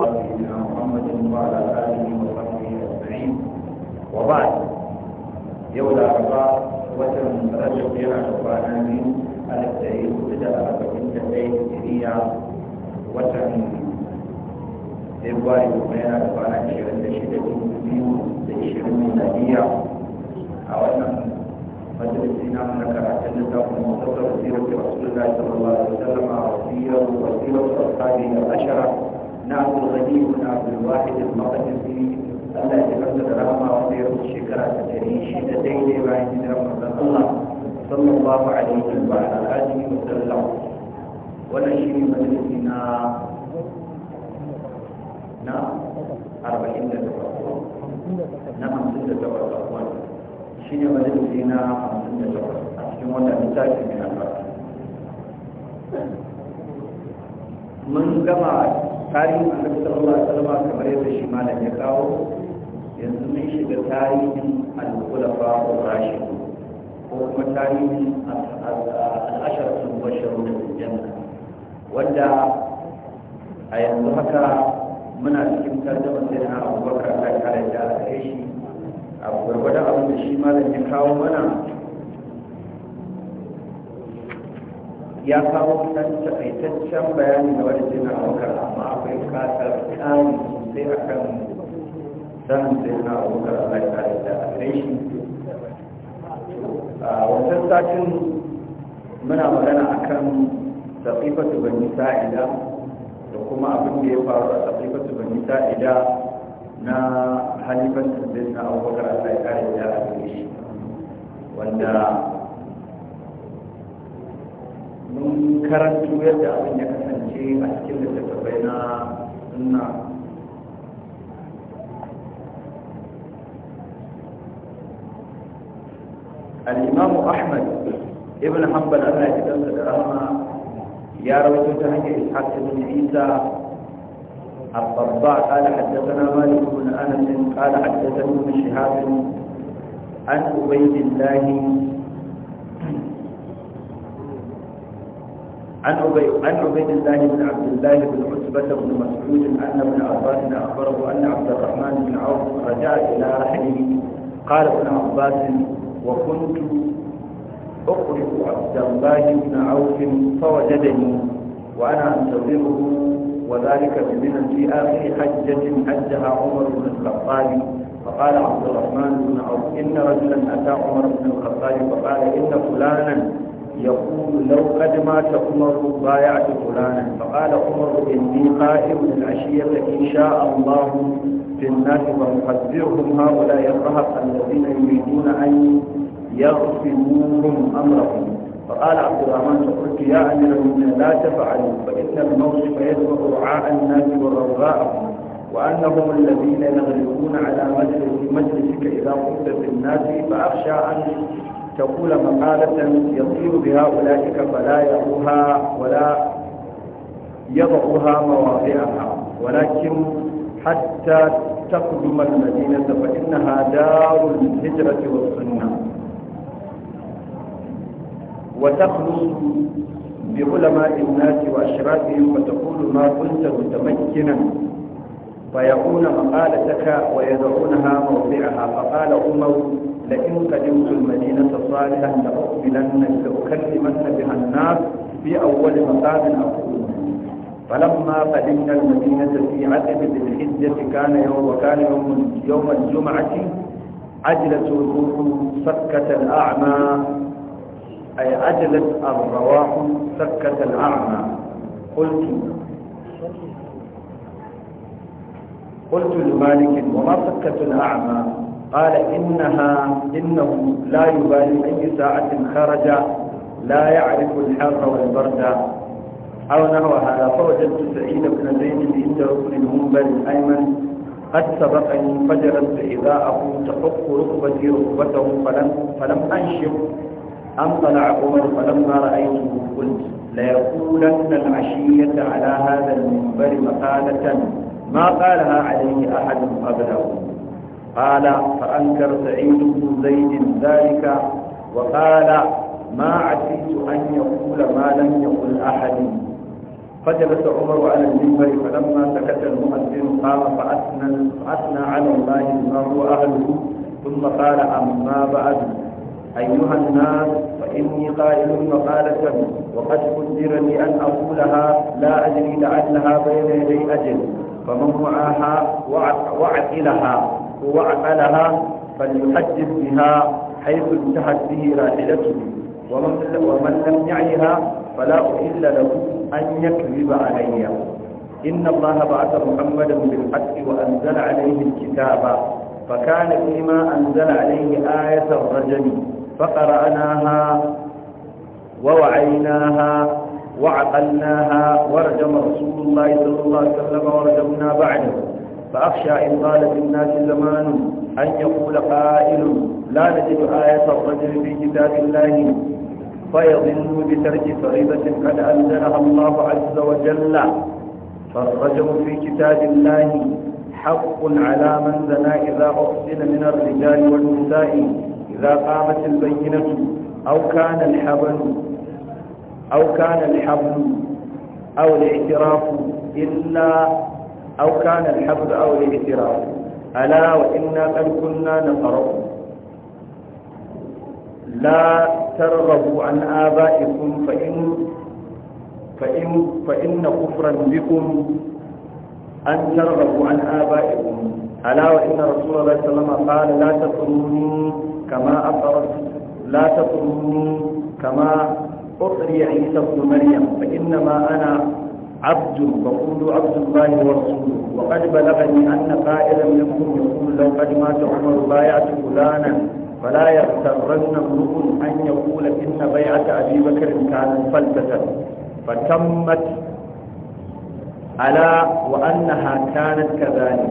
وعلى آله وصحبه أجمعين وبعد يولى الأربعاء وتر رجب يا شبان آمين على التاريخ بدأ أربعين تبعين هجرية وتر فبراير ومينا شبان عشرين لشدة بيو لعشرين ميلادية أولا مجلسنا من كراتين لتاكم مختصر سيرة رسول الله صلى الله عليه وسلم وسيرة وسيرة أصحابه العشرة na abdulghani ibn abdulwahid al-maqdisi Allah ya karanta da rahama wanda ya rubuta shekara ta ɗari shida daidai bayan hijirar manzon Allah sallallahu alaihi wa alihi wa sallam wannan shine majalisi na na arba'in da takwas na hamsin da takwas wannan shine majalisi na hamsin da takwas a cikin wannan littafi mai albarka mun gama tarihin annabi sallallahu alaihi wasallam kamar yadda shi malam ya kawo yanzu mun shiga tarihin al-khulafa ar-rashid ko kuma tarihin al-ashratu mubashshirun bil janna wanda a yanzu haka muna cikin tarjuma sai na Abubakar ta kare da kai shi a gurgurdan abin da shi malam ya kawo mana ya kawo kan takaitaccen bayani da wani jina wakar amma akwai kasar kari sosai a kan sanin jina abokar a ya kare da gare a wancan satin muna magana a kan tafifatu bani sa'ida da kuma abin da ya faru a tafifatu bani sa'ida na halifantar jina abokar a ya kare da gare wanda mun karanto yadda abin ya kasance a cikin littattafai na al'imamu ahmad ibn hanbal allah ya kansa da rahama ya rawaito ta hanyar ishaq ibn isa الضباع قال حدثنا مالك بن انس قال حدثني ابن شهاب عن عبيد الله عن عن عبيد الله بن عبد الله بن عتبة بن مسعود أن ابن عباس أخبره أن عبد الرحمن بن عوف رجع إلى رحله قال ابن عباس وكنت أقرب عبد الله بن عوف فوجدني وأنا أنتظره وذلك بمن في آخر حجة حجها عمر بن الخطاب فقال عبد الرحمن بن عوف إن رجلا أتى عمر بن الخطاب فقال إن فلانا يقول لو قد مات عمر بايعت فلانا فقال عمر اني قائم العشيه ان شاء الله في الناس ومحذرهم هؤلاء الرهب الذين يريدون ان يغفلوهم امرهم فقال عبد الرحمن فقلت يا امير المؤمنين لا تفعلوا فان الموصف يدفع رعاء الناس ورغاءهم وأنهم الذين يغلبون على مجلسك إذا قلت في الناس فأخشى أن تقول مقالة يطير بها أولئك فلا يروها ولا يضعها مواضعها ولكن حتى تقدم المدينة فإنها دار الهجرة والسنة وتخلص بعلماء الناس وأشرافهم وتقول ما كنت متمكنا فيكون مقالتك ويدعونها موضعها فقال عمر لئن قدمت المدينة صالحا لأقبلن لأكلمن بها الناس في أول مقام أقول فلما قدمنا المدينة في عتبة ذي الحجة كان يوم وكان يوم يوم الجمعة عجلت الروح سكت الأعمى أي عجلت الرواح سكت الأعمى قلت قلت لمالك وما سكت الأعمى قال إنها إنه لا يبالي أي ساعة خرج لا يعرف الحر والبرد أو نحو هذا فوجدت سعيد بن زيد في ركن المنبر الأيمن قد سبقني فجرت إذاءه تحق ركبتي ركبته فلم, فلم أنشف أنطلع عمر فلما رأيته قلت ليقولن العشية على هذا المنبر مقالة ما قالها عليه أحد قبله قال فأنكر سعيد بن زيد ذلك وقال ما عسيت أن يقول ما لم يقل أحد فجلس عمر على المنبر فلما سكت المؤذن قام فأثنى, فأثنى على الله المرء أهله ثم قال أما بعد أيها الناس فإني قائل مقالة وقد قدر لي أن أقولها لا أدري لعلها بين يدي أجل فمن وعاها لها وعقلها فليحدث بها حيث انتهت به راحلته ومن, ومن لم يعيها فلا أحل له أن يكذب علي إن الله بعث محمدا بالحق وأنزل عليه الكتاب فكان فيما أنزل عليه آية الرجم فقرأناها ووعيناها وعقلناها ورجم رسول الله صلى الله عليه وسلم ورجمنا بعده فأخشى إن قال للناس زمان أن يقول قائل لا نجد آية الرجل في كتاب الله فيظن بترك فريضة قد أنزلها الله عز وجل فالرجل في كتاب الله حق على من زنا إذا أحسن من الرجال والنساء إذا قامت البينة أو كان الحبل أو كان الحبل أو الاعتراف إلا أو كان الحفظ أو الاعتراف ألا وإنا قد كنا نقرأ لا ترغبوا عن آبائكم فإن فإن فإن كفرا بكم أن ترغبوا عن آبائكم ألا وإن رسول الله صلى الله عليه وسلم قال لا تطروني كما أطرت لا تطروني كما أطري عيسى ابن مريم فإنما أنا عبد فقولوا عبد الله ورسوله وقد بلغني أن قائلا منكم يقول لو قد مات عمر بايعت فلانا فلا يغترن امرؤ أن يقول إن بيعة أبي بكر كانت فلتة فتمت ألا وأنها كانت كذلك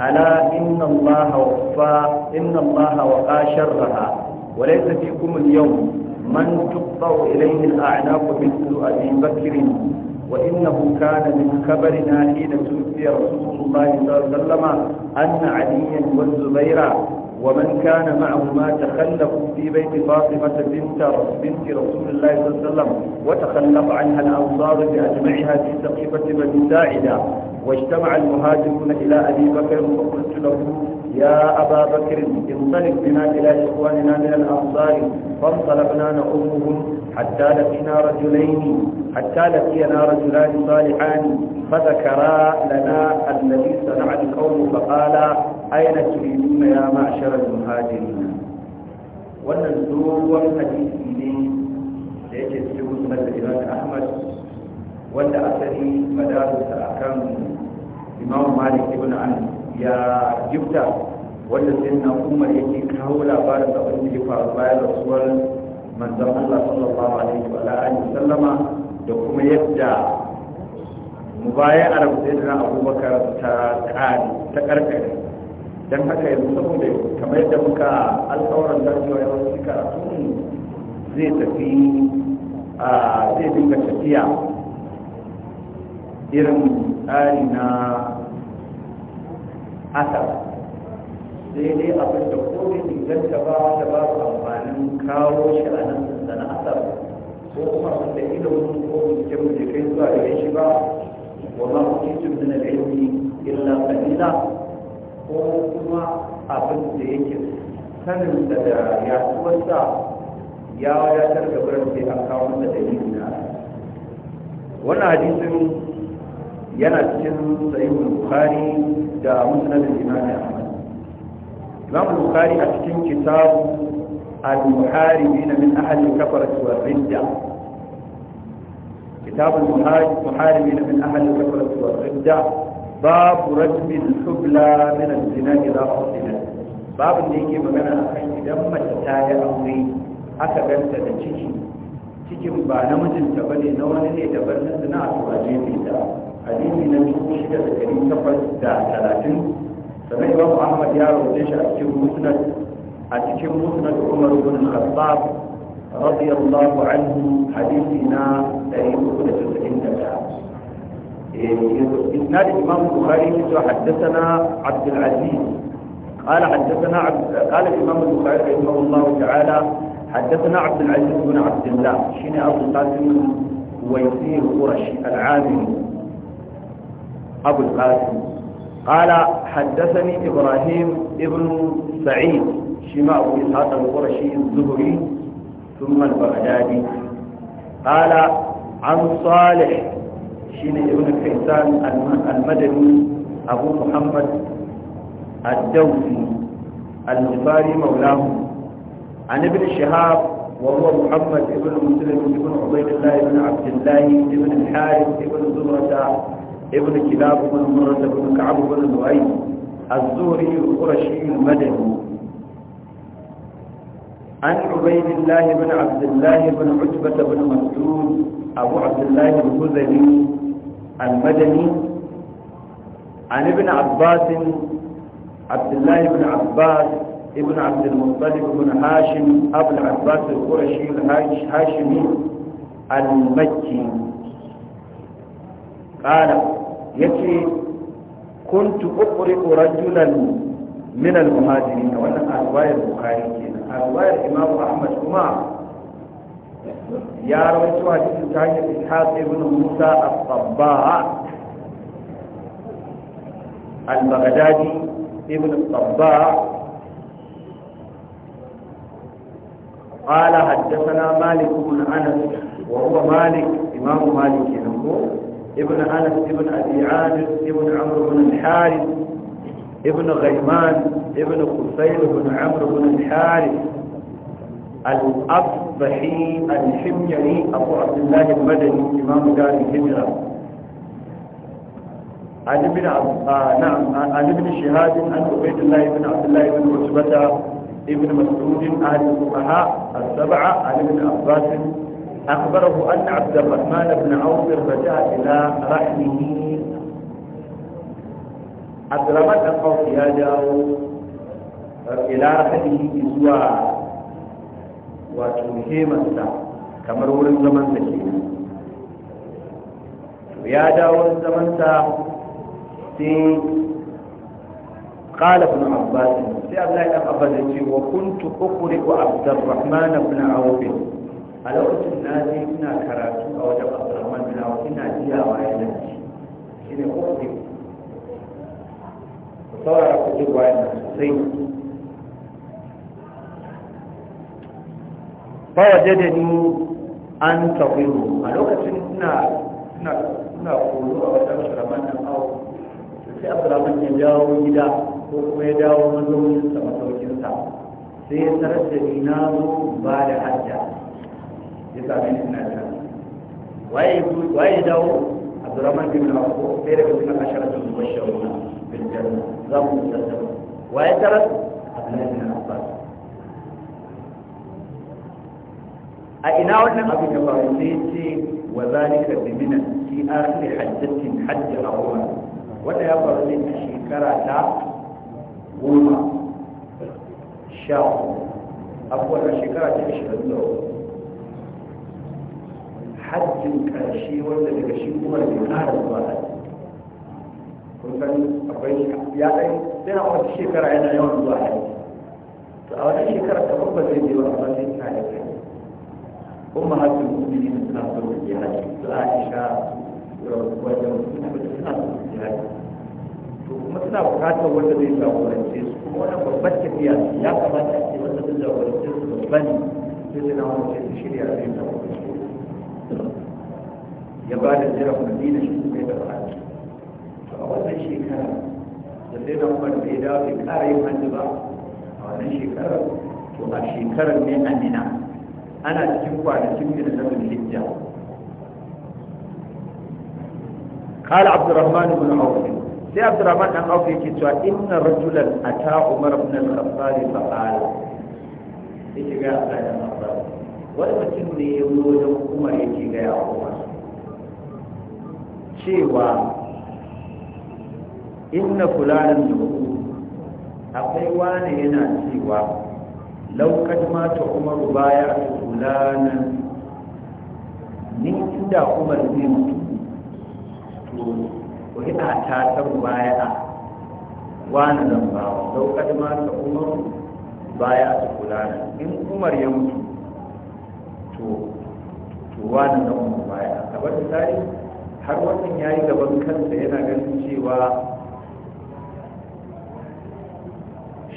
ألا إن الله وفى إن الله وقى شرها وليس فيكم اليوم من تقطع إليه الأعناق مثل أبي بكر وإنه كان من خبرنا حين توفي رسول الله صلى الله عليه وسلم أن عليا والزبير ومن كان معهما تخلفوا في بيت فاطمة بنت بنت رسول الله صلى الله عليه وسلم وتخلف عنها الأنصار بأجمعها في سقيفة بني ساعدة واجتمع المهاجرون إلى أبي بكر فقلت له يا أبا بكر انطلق بنا إلى إخواننا من الأنصار فانطلقنا نؤمهم حتى لقينا رجلين حتى لقينا رجلان صالحان فذكرا لنا الذي صنع القوم فقالا أين تريدون يا معشر المهاجرين والنزول dogon hadisi ne da yake أحمد musulman مدارس أحكام الإمام مالك بن عنه ya gifta wanda sai na umar yake kawo labarin abin da ya faru bayan rasuwar manzan Allah sallallahu alaihi wa alihi sallama da kuma yadda mubayar sayyidina Abubakar ta tsari ta karkare dan haka yanzu saboda kamar yadda muka alƙawarin da cewa yawanci karatu zai tafi a zai dinga tafiya irin tsari na haka sai dai abin da ko bai inganta ba da su amfanin kawo shi a nan sana asar ko kuma sun da ilimin ko binciken mu kai zuwa da shi ba wa ma utitum min al-ilmi illa qalila ko kuma abin da yake sanin da da yaduwarsa ya wadatar da burin sai an kawo masa dalilin na wannan hadisin yana cikin sahihul bukhari da musnad al-imam ahmad imam bukhari a cikin kitab al-muharibin min ahli kafar wa ridda kitab al-muharibin min ahli kafar wa ridda bab rajm al-hubla min al-zina ila husna babin da yake magana akan idan mace ta yi aure aka ganta da ciki cikin ba namijinta bane na wani ne daban na da hadisi na dubu shida da ɗari takwas da talatin sannan imam ahmad ya rawaje shi a cikin musnad a cikin musnad umar ibn khattab radiyallahu anhu hadisi na ɗari uku da tasa'in da ɗaya إسناد الإمام البخاري حدثنا عبد العزيز قال حدثنا عبد قال الإمام البخاري رحمه الله تعالى حدثنا عبد العزيز بن عبد الله شين أبو القاسم الويسي القرشي العامري أبو القاسم قال حدثني إبراهيم ابن سعيد شماء إسحاق القرشي الزهري ثم البغدادي قال عن صالح شين ابن كيسان المدني أبو محمد الدوسي الجباري مولاه عن ابن شهاب وهو محمد ابن مسلم ابن عبيد الله ابن عبد الله ابن الحارث ابن زمرة ابن كلاب بن مرة بن كعب بن لؤي الزهري القرشي المدني عن عبيد الله بن عبد الله بن عتبة بن مسعود أبو عبد الله الهذلي المدني عن ابن عباس عبد الله بن عباس ابن عبد المطلب بن هاشم أبو العباس القرشي الهاشمي المكي قال yace kuntu ukuri rajulan min al-muhajirin wannan arwayar bukhari kenan arwayar imam ahmad kuma ya rawaito hadisin ta hanyar ishaq ibn musa as-sabba al-baghdadi ibn as-sabba قال حدثنا مالك بن انس وهو مالك امام مالك ينقل ابن أنس ابن أبي عامر ابن عمرو بن الحارث ابن غيمان ابن قصير بن عمرو بن الحارث الأصبحي الحميري أبو عبد الله المدني إمام دار الهجرة عن ابن آه، نعم عن ابن شهاد عن عبيد الله بن عبد الله بن عتبة ابن مسعود أهل الفقهاء السبعة عن ابن عباس أخبره أن عبد الرحمن بن عوف رجع إلى رحمه عبد الرحمن عوف رجع إلى رحمه إزوى الساعة كما رؤون زمن سكينة يا dawo زمن ساعة قال ابن عباس في الله ابن وكنت اقرئ عبد الرحمن بن عوف a lokacin na je ina karatu a wajen abdurrahman bin awu ina jiyawa ya lanci shi ne kofi ku saurara ku ji bayan nan sosai wa jade ni an tafiru a lokacin ina ina ina koyo a wajen abdurrahman bin awu sai abdurrahman ya dawo gida ko kuma ya dawo mazauninsa masaukinsa sai ya tarar da ni na zo ba da hajja ya same shi na jira waye waye dawo abdurrahman bin auf sai daga cikin asharatul mubashshiruna bil janna za mu tattauna waye taras abdullahi bin abbas a ina wannan abin ya faru sai ce wa zalika bi minan fi akhir hajjatin hajj al-awwal wanda ya faru ne a shekara ta goma sha abubuwan shekara ta 23 hajjin karshe wanda daga shi kuma da kara zuwa kun san akwai ya ɗai yana wata shekara yana yawan zuwa hajji to a wata shekara ta babba zai je wani wani yana da kai kuma hajjin musulmi suna so da ke hajji su aisha wajen suna so da ke hajji to kuma suna bukatar wanda zai jagorance su kuma wani babbar tafiya ya kamata a ce wanda zai jagorance su babban sai suna wani shirya zai jagorance ya ba da jira madina shi kuma da ba'adi to a wannan shekara da sai na umar bai dawo bai kara yin hannu ba a wannan shekara. to a shekarar ne amina ana cikin kwanakin da na hijja قال عبد الرحمن بن عوف sai abdurrahman dan auka yake cewa inna rajulan ata umar ibn al-khattab fa qala yake ga Allah da wani mutum ne ya zo wajen yake cewa inna fulanin da akwai wane yana cewa laukat mata umaru baya a fulanin ni inda umar zai mutu to ku yi a baya a wani zan ba laukat mata umaru baya a fulanin in umar ya mutu to wani zan baya a kabar da tarihi har wannan ya yi gaban kansa yana ganin cewa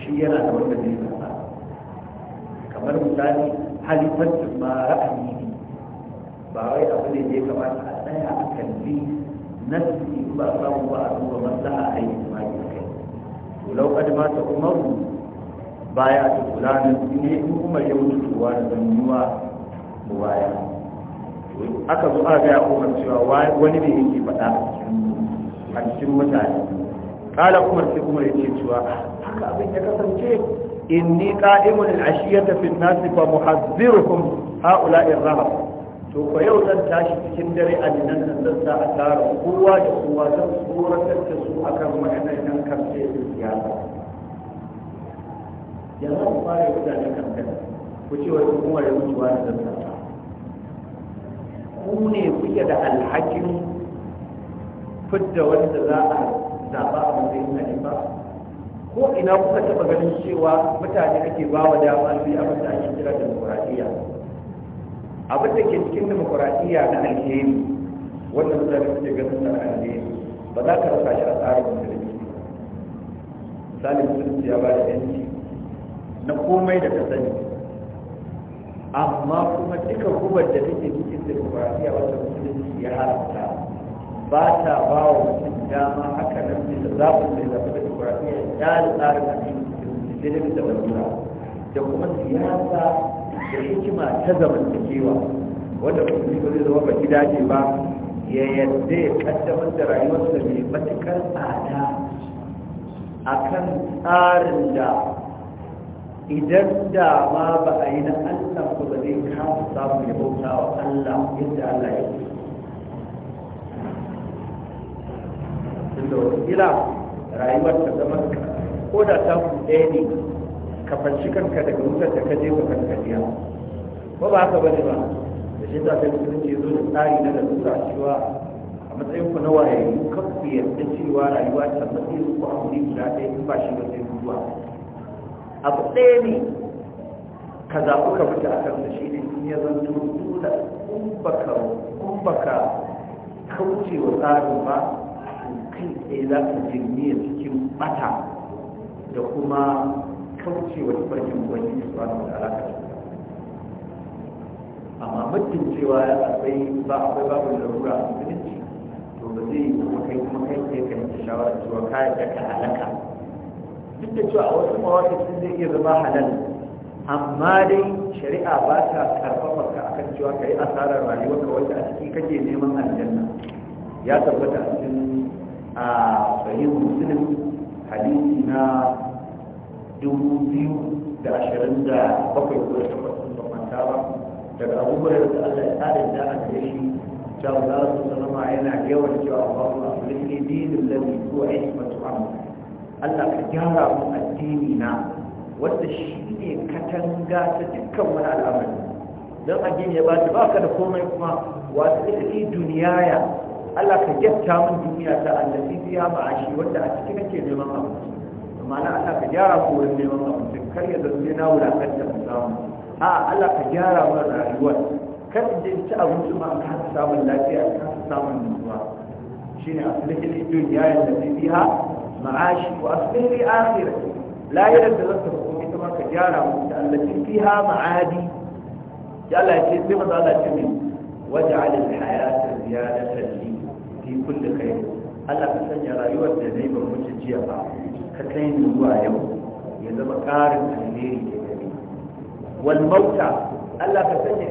shi yana da wanda zai zaɓa kamar misali halifancin ma ra'ayi ne ba wai abu ne da ya kamata a tsaya a kalli nasi ba samu ba a duba masa a yi ma yi kai to lau ma ta umaru baya ta kula da ne umar ya wuce tuwa da zanyuwa mu baya aka zo aka gaya umar cewa wani ne yake faɗa a cikin mutane kala umar sai umar yake cewa ah, haka abin ya kasance In ni al-ashiyata fi an-nas fa muhadhdhirukum ha'ula'i ar-rahab to ko yau zan tashi cikin dare a dinan nan zan sa a tara kowa da kowa zan tsoratar da su akan maganar nan kan sai siyasa yanzu ku fara yi mutane kan kan ku ce wa umar ya mutuwa da zan sa ku ne kuke da alhakin fidda wanda za a zaɓa a matsayin halifa ko ina kuka taɓa ganin cewa mutane ake ba wa dama su yi abin da ake kira demokuraɗiyya abin da ke cikin demokuraɗiyya na alheri wannan mutane suke ganin na alheri ba za ka rasa shi a tsarin musulunci misalin musulunci ya ba da yanci na komai da ka sani amma kuma duka gubar da take cikin demokrasiya wata musulunci ya haramta ba ta ba wa mutum dama haka nan ne da zaɓin mai zaɓi demokrasiya ya da tsarin musulunci da walwala da kuma siyasa da hikima ta zamantakewa wanda musulmi ba zai zama ba gida ce ba ya yadda ya kaddamar da rayuwarsa mai matuƙar tsada akan tsarin da idan da ma ba a yi na allah ko ba zai kama samun ya bauta wa allah yadda allah ya yi tunda wataƙila rayuwar ta zama ko da ta ku ɗaya ne ka fanci kanka daga wutar da ka je ka kankaniya ba ba haka bane ba da shi ta sun ce zo da tsari na lalura cewa a matsayin ku na wayayi kan ku yarda cewa rayuwa ta matsayin ku a wuri guda ɗaya in ba shi ba zai zuwa abu ɗaya ne ka zaɓi ka fita a kan shi ne in ya zanto dole kun baka kauce wa tsarin ba kai ɗaya za ka jirgin cikin bata da kuma kauce wa tafarkin wani da suwa da alaƙa amma mutum cewa ya akwai ba akwai babu larura a musulunci to ba zai yi kuma kai kuma kai kai kai yanke shawarar cewa kayan da ka halaka duk da cewa a wasu mawaƙi sun zai iya zama halal amma dai shari'a ba ta karfafa ka akan cewa ka yi asarar rayuwar ka wanda a ciki kake neman aljanna ya tabbata a cikin a sahih muslim hadisi na dubu da ashirin da bakwai ko da takwas sun bambanta ba daga abubuwan da Allah ya tsara da a gare shi cewa za su zama yana yawan cewa Allahumma aflihni dinin ladhi huwa ismatu amri Allah ka gyara mu addini na wanda shi ne katanga ta dukkan wani al'amari don addini ya ba ta baka da komai kuma wasu ilmi duniyaya Allah ka gyatta mun duniya ta allafi biya shi. wanda a cikin nake neman abinci amma na Allah ka gyara mu wurin neman abinci kar ya zarge na wulakanta mu samu a Allah ka gyara mu rayuwar kar in ci abinci ma ka samun lafiya ka samun nutsuwa shine asali ilmi duniyaya da biya ma'ashi wa asbiri akhira la yadda zaka hukumi kuma ka gyara mu da allatin fiha ma'adi ya ce sai manzo Allah ce min waj'al al-hayata ziyadatan li fi kulli khair Allah ka sanya rayuwar da zai bar mutum jiya ba ka kai ni zuwa yau ya zama karin alheri wal ka sanya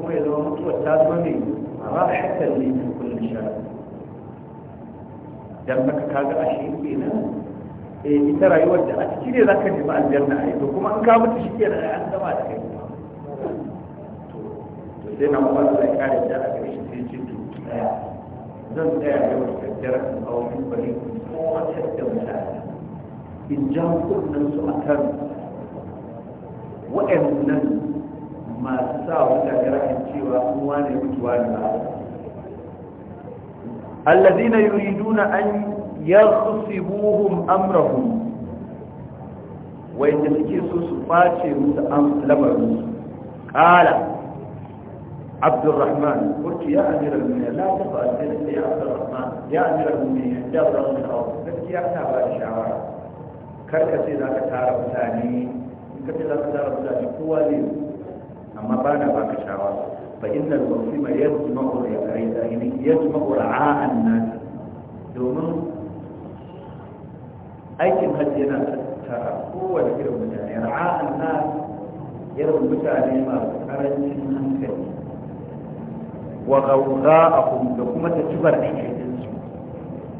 kuma ya zama mutuwar ta zo ne rahatan li fi dan haka kaga a shi kenan eh ita rayuwar da a ciki ne zaka nemi aljanna ai to kuma an ka mutu shi kenan an gama da kai to sai na kuma sai kare da a gare shi sai ce to zan tsaya yau da kaddara in hawo min bari ko wata da mutane in ja kunnen su akan waɗannan masu sa wata gara cewa kuma ne mutuwa ne ba الذين يريدون أن يغصبوهم أمرهم ويتمكسوا سفاتي لمرهم قال عبد الرحمن قلت يا أمير المؤمنين لا تفعل يا عبد الرحمن يا أمير المؤمنين يا عبد الرحمن قلت يا أبا شعار كركسي ذاك تعرف ثاني كركسي ذاك تعرف ثاني قوة لي أما بانا باك شعار فإن المسلم يسمع يعني رعاء الناس domin aikin hajji yana tattara kowane irin mutane ra'a'an na irin mutane masu karancin hankali wa gauza a da kuma ta ci bar su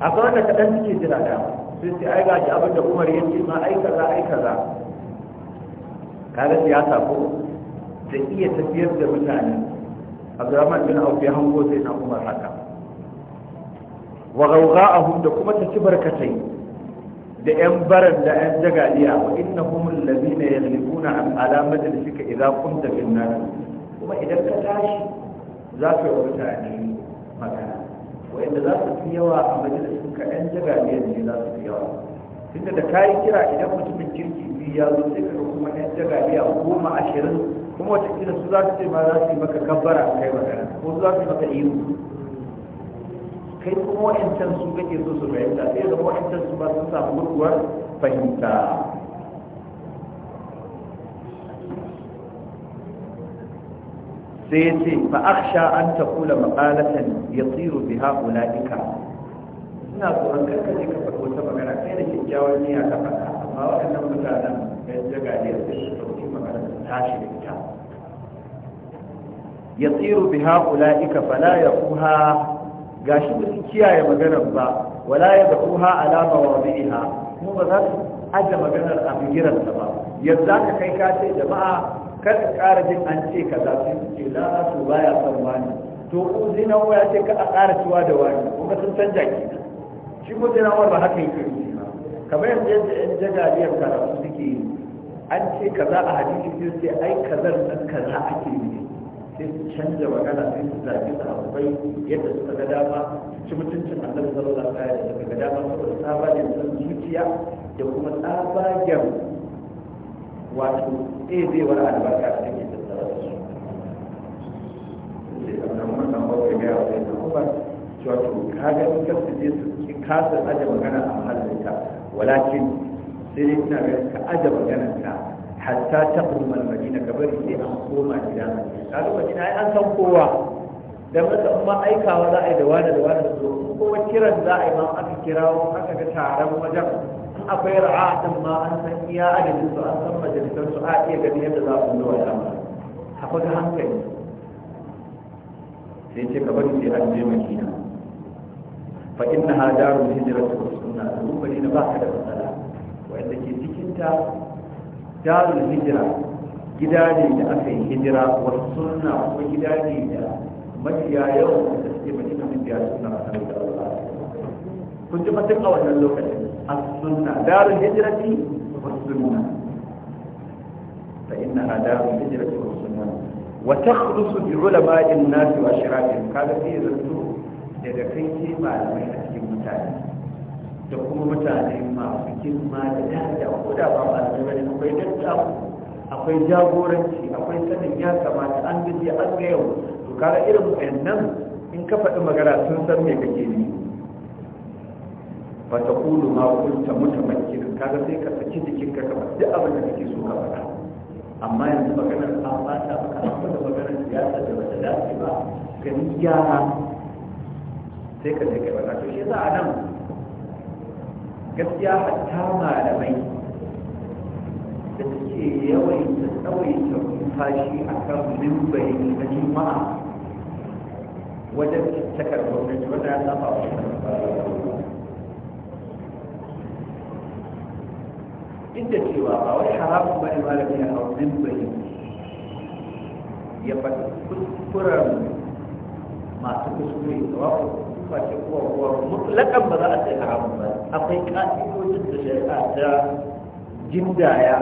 a kawai da kaɗan suke jira da sai sai ai gaji abin da umar yake ma ko da iya tafiyar da mutane abdurrahman bin auf ya hango sai na umar haka wa a da kuma ta ci barkatai da yan baran da yan jagaliya wa innahum allazina yaghlibuna an alamati da suka idza kunta bin nar kuma idan ka tashi za ka yi mutane magana wa'inda za su fi yawa a majalisun ka yan jagaliya ne za su fi yawa tunda da kayi kira idan mutumin kirki biyu ya zo sai ka kuma yan jagaliya goma ashirin kuma wata kila su za su ce ma za su yi maka kabbara kai magana ko su za su yi maka iyo kai kuma wa'ancan su kake so su fahimta sai zama wa'ancan su ba su samu gurguwar fahimta sai ya ce fa aksha an ta kula maƙalatan ya tsiro bi ha'ula'ika ina tsoron karkace ka faɗo wata magana kai da kyakkyawar niyya ka faɗa amma waɗannan mutanen ya jaga ne su ɗauki magana ta tashi da ya tsiru bi ha'ula'ika fala ya kuha ga shi ba kiyaye maganar ba wala ya da kuha alama wa bi'iha kuma ba za su aje maganar a bigiran bigirarsa ba yadda ka kai ka ce jama'a kar ka ƙara jin an ce ka za su ce la su baya son wani to uzina ya ce ka a ƙara ciwa da wani kuma sun canja ki shi ko dinawar ba haka yake yi ba kamar yadda yan jagaliyar karatu suke yi an ce kaza a hadisi sai ai kazar nan kaza ake yi sai su canza magana sai su zaɓi sahabbai yadda suka ga dama ci mutuncin annabi sallallahu alaihi wasallam suka dama san zuciya da kuma wato albarka da take tattara su ga kuma ka kasa a walakin sai dai ina ka aje maganar ka hatta ta umar madina ka bari sai an koma gida kaga madina ai an san kowa dan masa amma aikawa za a yi da wani da wani su kowa kiran za a yi ma aka kirawo aka ga taron wajen in akwai ra'a din ma an san iya adadin su an san majalisar su a iya gani yadda za su zo a yamma a faga hankali sai ce ka bari sai an je madina fa inna ha darul hijratu sunna duk madina ba ka da matsala wanda ke cikin ta darul hijira gida ne da aka yi hijira wasu suna kuma gida ne da mafiya yawan da suke madina da biya suna a kan da Allah kun ji fatan a wannan lokacin as suna, darul hijira hijrati suna. sunna fa a darul hijrati was sunna wa takhlusu bi ulama'in nas wa ashrafihim kaga sai zanto daga kai ke malamai a cikin mutane da kuma mutane masu girma da daraja ko da ba ba da bane akwai dattawa akwai jagoranci akwai sanin ya kamata an gaji an ga yau to kaga irin wayannan in ka faɗi magana sun san me kake ne ba ta kulu ma kunta mutamakkin kaga sai ka saki jikin ka faɗi duk abin da kake so ka faɗa amma yanzu maganar an fata maka an da maganar siyasa da ta dace ba ka ni gyara sai ka je ka ba to shi za a nan gaskiya hatta malamai da suke yawaita tsawaita fashi a kan mimbari na jima'a wajen cakar gwamnati wanda ya saba wa duk da cewa ba wai haramun bane malami ya hau mimbari ya faɗi kuskuren masu kuskure da wako kwace ce kuwa kuwa mutlakan ba za a ce haramun ba akwai ka'idojin da shari'a ta jindaya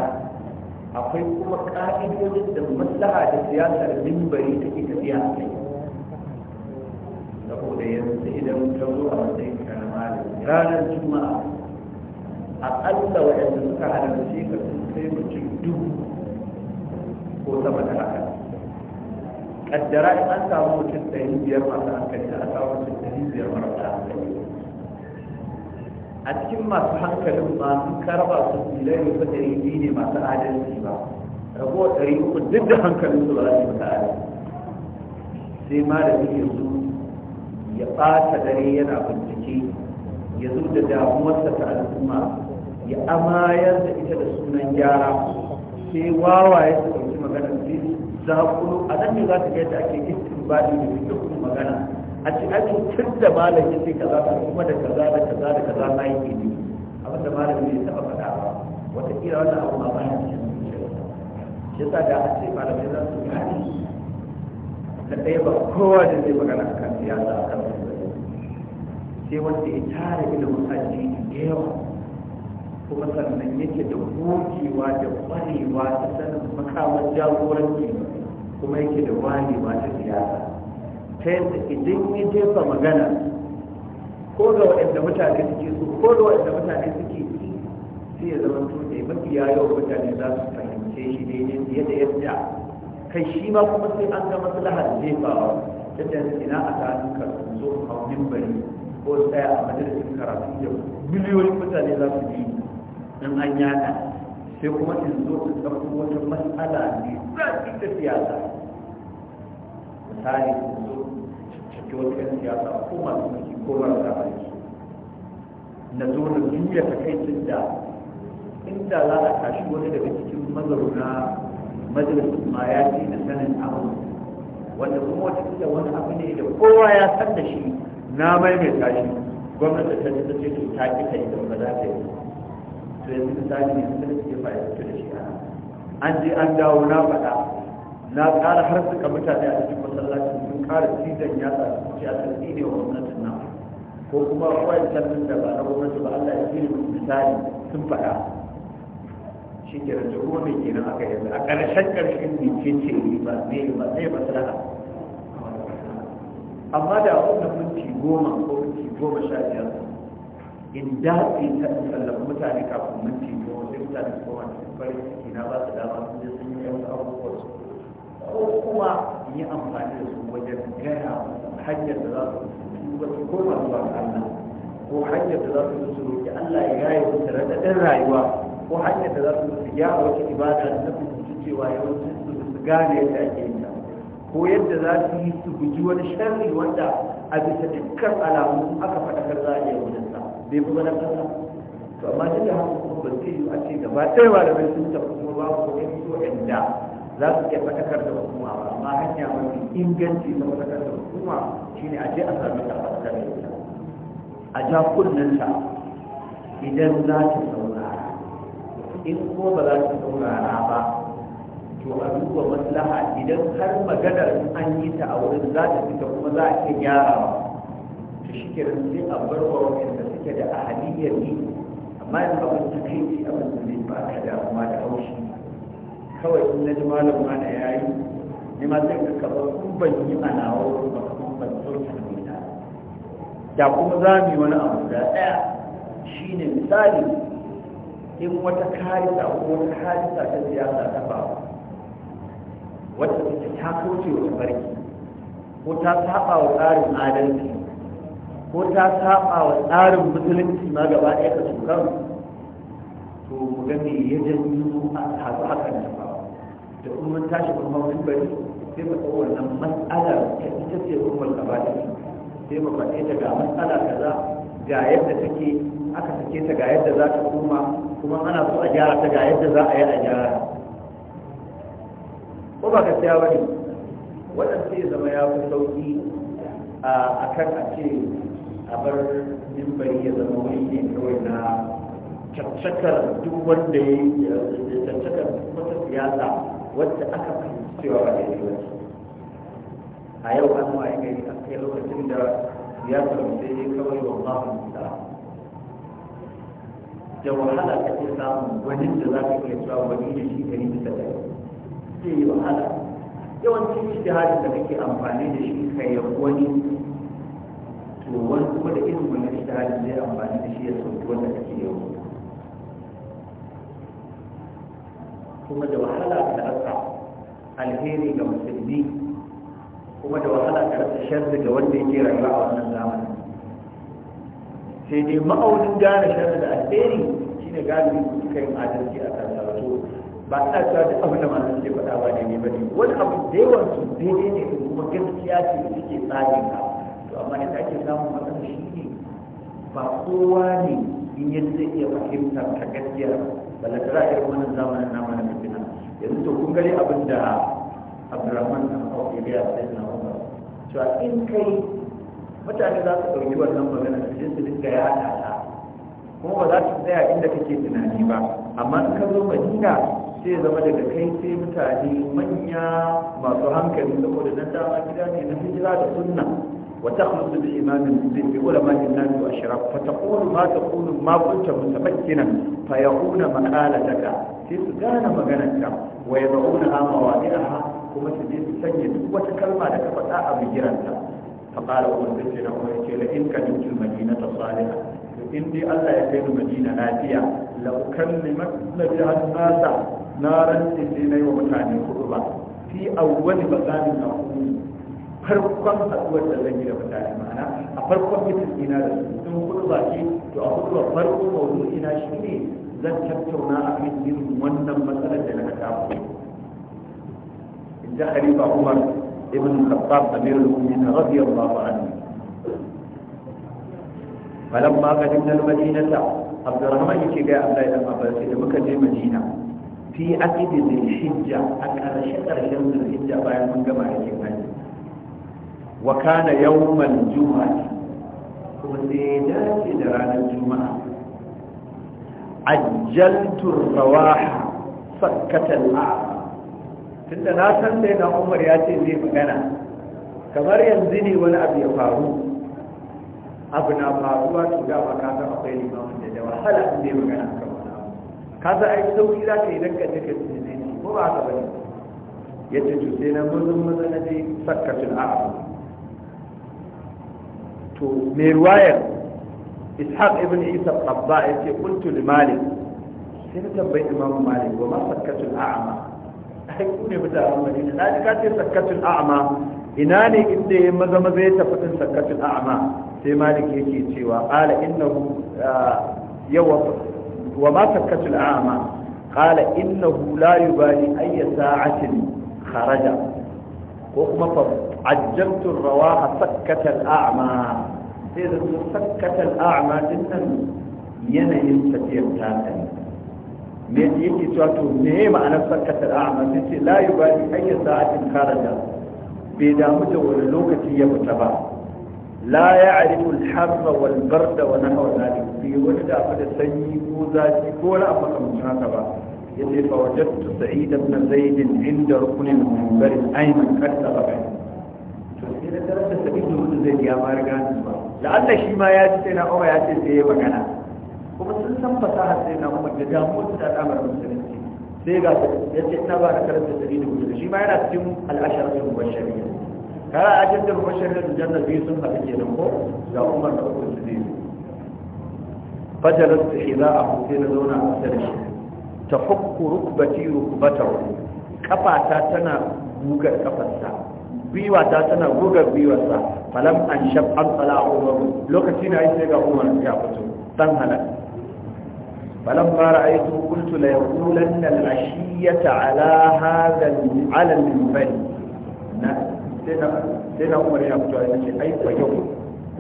akwai kuma ka'idojin da maslaha da siyasar mimbari ke tafiya a kai saboda yanzu idan ka zo a matsayin karamalin ranar juma'a a ƙalla waɗanda suka halarci ka sun kai mutum dubu ko sama da haka kaddara in an samu mutum ɗari biyar masu hankali da aka samu mutum ɗari biyar marasa hankali a cikin masu hankalin ma sun karba su bilai wasu ɗari biyu ne masu adalci ba rabuwa ɗari uku duk da hankalin su ba za su yi adalci sai ma da zai zo ya ɓata dare yana bincike ya zo da damuwarsa ta al'umma ya amayar da ita da sunan gyara sai wawaye su za a kulu a nan ne za ta ga da ake istibadi da fito magana a ce ake tun da malam ya ce kaza ko kuma da kaza da kaza da kaza na yi ke ne abin da malam ne ya taɓa faɗa ba wata kira wannan abu ma ba ya ce shi yasa da a ce malamai za su gane da ɗaya ba kowa da zai magana a kan siyasa a kan sai wanda ya tara ilimin addini da yawa kuma sannan yake da gogewa da kwarewa da sanin makamar jagoranci kuma yake da wani ba ta siyasa ta yadda idan ya jefa magana ko ga waɗanda mutane suke su ko da waɗanda mutane suke su sai ya zama to mafi yawan mutane za su fahimce shi daidai fiye da yadda kai shi ma kuma sai an ga maslahar jefawa ta da ina a tsarin karatu zo a wajen bari ko tsaya a majalisar karatu da miliyoyin mutane za su yi in an yada sai kuma in zo in ɗauko wata matsala ne za zafi da siyasa misali in zo cikin wata yan siyasa ko masu mulki ko marasa mulki na zo na juya takaicin da inda za a tashi wani daga cikin mazauna majalisar ma ya ce da sanin abu wanda kuma wata kila wani abu ne da kowa ya san da shi na maimaita tashi. gwamnati ta ce ta ce ta ki kai da ba za ta yi to yanzu misali ne sun suke fahimta da shi an je an dawo na faɗa na ƙara har suka mutane a cikin masallacin sun ƙara cizon yatsa su ce a sarki ne wa gwamnatin nan ko kuma kawai sabbin da ba na gwamnati ba Allah ya fi misali sun faɗa shi ke da rance kuma mai kenan aka yanzu a ƙarshen ƙarshen bincin ce ne ba zai ba zai maslaha amma da wannan minti goma ko minti goma sha biyar Inda dace ta tsallafa mutane kafin mun ce ne wanda mutane su koma cikin farin ciki na ba su dama sun je sun yi wasu abubuwan su ko kuma yi amfani da su wajen gaya hanyar da za su wasu koma zuwa ga Allah ko hanyar da za su su roƙi Allah ya yaye da raɗaɗin rayuwa ko hanyar da za su su gyara wata ibada da ta fahimci cewa yawancin su su gane yadda ake yi? ko yadda za su yi su guji wani sharri wanda a bisa dukkan alamu aka faɗakar za a iya wajen bai kuma na kasa to amma duk da haka kuma ba zai yi a ce gaba ɗaya bai sun tafi kuma ba babu wani so yanda za su iya faɗakar da hukuma ba amma hanya mafi inganci na faɗakar da hukuma shine a je a sami ta faɗakar da ita a ja ta idan za ta saurara in kuma ba za ta saurara ba to a duba maslaha idan har maganar an yi ta a wurin za ta fita kuma za a iya gyarawa shi da sai a bar wa wanda suke da ahaliyar ne amma yanzu abin ta kai ci abin da ne ba ka damuwa da haushi kawai in na ji malam ma na yayi ni ma sai ka kaba kun ban yi a nawa ba kuma ban sauke da mai da kuma za mu yi wani abu da ɗaya shine misali in wata karisa ko wata karisa ta siyasa ta faru wata ta ta kauce wa barki ko ta saba wa tsarin adalci ko ta saba wa tsarin musulunci ma gaba ɗaya ka tukar to mu ga me ya janyo a haɗu haka na ba da kuma tashi kuma mun bari sai mu tsawon nan matsala ta ita ce umar gaba sai mu faɗe ta ga matsala kaza ga yadda take aka sake ta ga yadda za ta koma kuma ana so a gyara ta ga yadda za a yi a gyara ko ba ka tsaya ba ne wannan sai zama ya fi sauƙi a kan a ce a bar mimbari ya zama wani ne kawai na cancakar duk wanda ya yi cancakar wata siyasa wadda aka fahimci cewa ba da yi a yau an ma gari a kai lokacin da siyasa mai sai yi kawai wa mu da da wahala ka ke samun wani da za ka iya cewa wani da shi gari bisa da zai yi wahala yawancin shi da da kake amfani da shi kai wani to wani kuma da irin wani ishtihadin zai amfani da shi ya sauki wanda kake yau kuma da wahala da rasa alheri ga musulmi kuma da wahala da rasa sharri ga wanda yake rayuwa a wannan zamani sai dai ma'aunin gane sharri da alheri shine galibi suka yin adalci a kan sarauto ba a cewa da abin da masu ke faɗa ba ne ba ne wani abu da yawan su daidai ne kuma gaskiya ce da suke tsarin ka amma yadda ake samun matsala shi ne ba kowa ne in yadda zai iya fahimtar ta gaskiya ba za a irin wannan zamanin nama na fitina yanzu to kun gani abin da abdurrahman na kawo ya gaya sai na umar cewa in kai mutane za su ɗauki wannan magana su je su dinga ya ta kuma ba za su tsaya inda kake tunani ba amma in ka zo madina sai zama daga kai sai mutane manya masu hankali saboda nan dama gida ne na hijira da sunna وتخلص الإمام المسلم بعلماء الناس وأشراف فتقول ما تقول ما كنت متمكنا فيقول مقالتك تسجان مغنتك ويضعونها مواضعها كما تجد سجد وتكلم لك فتاة بجرانك فقال أول بسنا أمريكي لئن كنت المدينة صالحة إن دي الله يكون مدينة ناتية لأكلمك لجها الناس نارا إذنين ومتعني خطبة في أول مكان أقول farkon haɗuwar da zan yi da mutane ma'ana a farkon mitin da su sun kudu ba to a kudu ba farko mawudu ina shi ne zan tattauna a kan wannan matsalar da na samu in ji halifa umar ibn khattab amir al-mu'minin radiyallahu anhu falamma qadimna al-madinata abdurrahman yake ga Allah ya amma sai da muka je madina fi aqidi dhil hijja a ƙarshe ƙarshen dhil hijja bayan mun gama aikin hajji وكان يوم الجمعة وزيدات دران الجمعة عجلت الرواح صكة الأعظم كنت ناساً لنا عمر ياتي ذي مغنى كمار ينزني ولا أبي فارو أبنى فارو أتوقع وكاد أقيل ما من دجا وحل أبي مغنى كمنا كذا أجدو إلا كي نكا جكت نزيني مبعث بني يتجو سينا مزم مزنجي صكة الأعظم to mai ruwayar ishaq ibn isa abba ya ce kuntu li malik sai na tambayi imamu malik ba ma sakkatul a'ama ai ku ne mutanen madina na ji ka ce sakkatul a'ama ina ne inda ya maza maza ya tafi din sakkatul a'ama sai malik yake cewa qala innahu ah, yawa wa ma sakkatul a'ama qala innahu la yubali ayya sa'atin kharaja ko kuma fa rawa rawaha sakkatal a'ma sai da su sakkatal a'ma din nan yanayin tafiyar ta me yake cewa to me ma'anar sakkatal a'ma sai ce la yubali ayya sa'atin kharaja bai damu da wani lokaci ya fita ba la ya'rifu al-harra wal barda wa nahwa dhalik bi wani da fa da sanyi ko zafi ko wani abu kamar haka ba yace fa wajadtu sa'id ibn zaid inda rukunin al-minbar ayman qad sabaqani idan da rasa sabi da mutum zai ya fara gani ba la'alla shi ma ya ji sai na umar ya ce sai ya magana kuma sun san fasaha sai na umar da damuwar da damar musulunci sai ga ya ce ina ba na karanta sabi da mutum shi ma yana cikin al'ashar da mubashariya kara a cikin mubashariya da jannar biyu sun haɗu ke nan ko ga umar da umar su zai Fajarar su shi za a hutu na zauna a sarki ta hukku rukbati rukbatahu kafata tana bugar kafarsa gwiwa ta tana guga gwiwarsa falam an shab an tsala umar lokaci na yi sai ga umar ya fito san halal falam fara aitu kuntu la yaqulanna al-ashiyata ala hadha ala al-minbari na sai na umar ya fito ya ce ai fa yau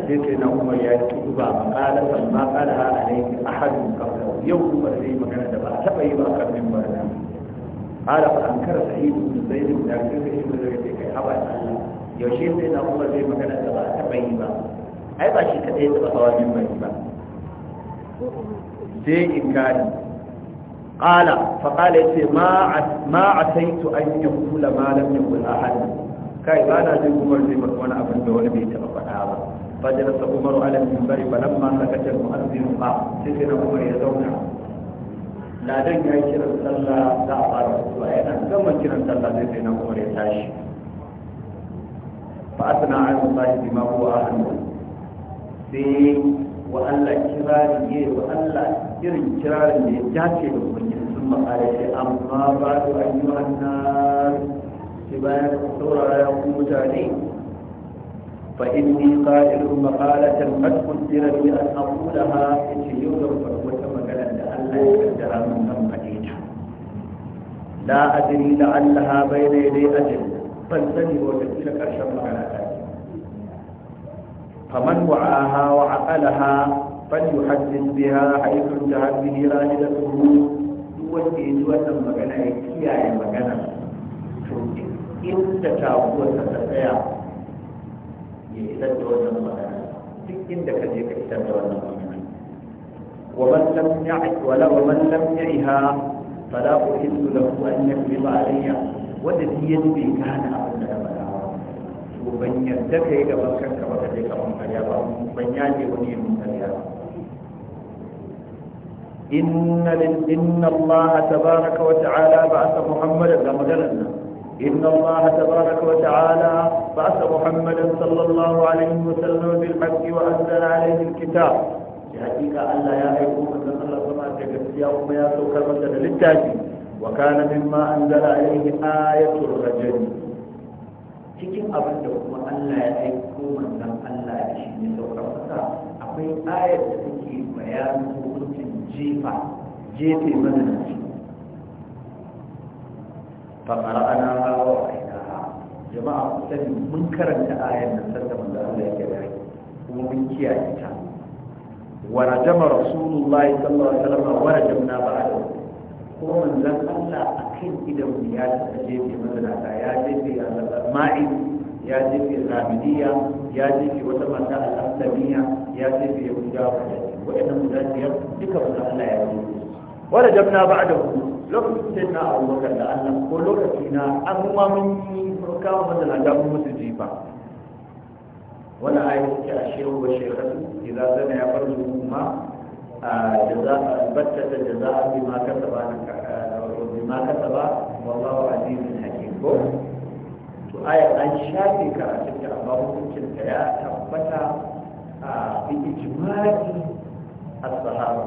sai sai na umar ya yi tudu ba maqala san ma qala a ahadun qabla yau umar zai magana da ba a taɓa yi ba a minbar nan hada fa an kara sai mun sai mun da kake shi da yake kai haba ta yaushe sai na kuma zai magana da ba ta bayi ba ai ba shi ka dai ta ba wani bayi ba sai in kai qala fa qala sai ma ma ataitu an yaqula ma lam yaqul ahad kai ba na kuma sai maka wani abin da wani bai taba faɗa ba fa da sa umaru ala minbari fa lamma sakata al-mu'adhdhin fa sai na kuma ya zauna ladan ya yi kiran sallah za a fara kuwa yana gama kiran sallah zai sai na umar ya tashi fa asna an musahi bi ma huwa ahadu sai wa Allah kirari ne wa Allah irin kirarin da ya dace da ubangiji sun makare sai amma ba da ayyuhan nas sai bayan saurara ya ku mutane fa inni qa'ilun maqalatan qad qudira li an aqulaha in yawm Allah ya kaddara mun san faɗe ta la adri la allaha bayna yaday ajr ban sani wata kila karshen magana ta faman wa'aha wa aqalaha falyuhaddith biha haythu tahad bihi rahilatuhu duk wanda ya ji wannan magana ya kiyaye magana to inda ta kuwa ta tsaya ya isar da wannan magana duk inda kaje ka isar da wannan magana ومن لم يع ولا ومن لم يعها فلا أحب له أن يفرض علي والذي يدري كان أبدا يدك إذا وكرت وكذلك من قريبا ومن يأتي وني من إن إن الله تبارك وتعالى بعث محمدا كما إن الله تبارك وتعالى بعث محمدا صلى الله عليه وسلم بالحق وأنزل عليه الكتاب da hakika Allah ya aiko manzon Allah sama da gaskiya kuma ya saukar masa da littafi wa kana mimma anzala alayhi ayatul rajul cikin abin da kuma Allah ya aiko manzon Allah da shi ne saukar masa akwai ayar da take bayanin hukuncin jefa jefe mazinaci فقرأناها mun karanta سنة من كرم آية Allah ya من Kuma mun kiyaye ta. ورجم رسول الله صلى الله عليه وسلم ورجمنا بعده ko manzon Allah a kan idan ya taɓa jefe mazanata ya jefe ma'i ya jefe ramiliya ya jefe wata mata al'amsamiya ya jefe ya guda waɗannan guda biyar duka manzon Allah ya jefe wanda jamna ba da ku lokacin na abubakar da Allah ko lokaci na an kuma mun yi kawo mazanata mun musu jefa. wani ayi suke a shehu wa shekatu idan zana ya farzu kuma battata da za a bi ma kasa ba bi ma kasa ba wallahu azizun hakim ko to aya an shafe karatun ta amma hukuncin ta ya tabbata a ijma'i as-sahaba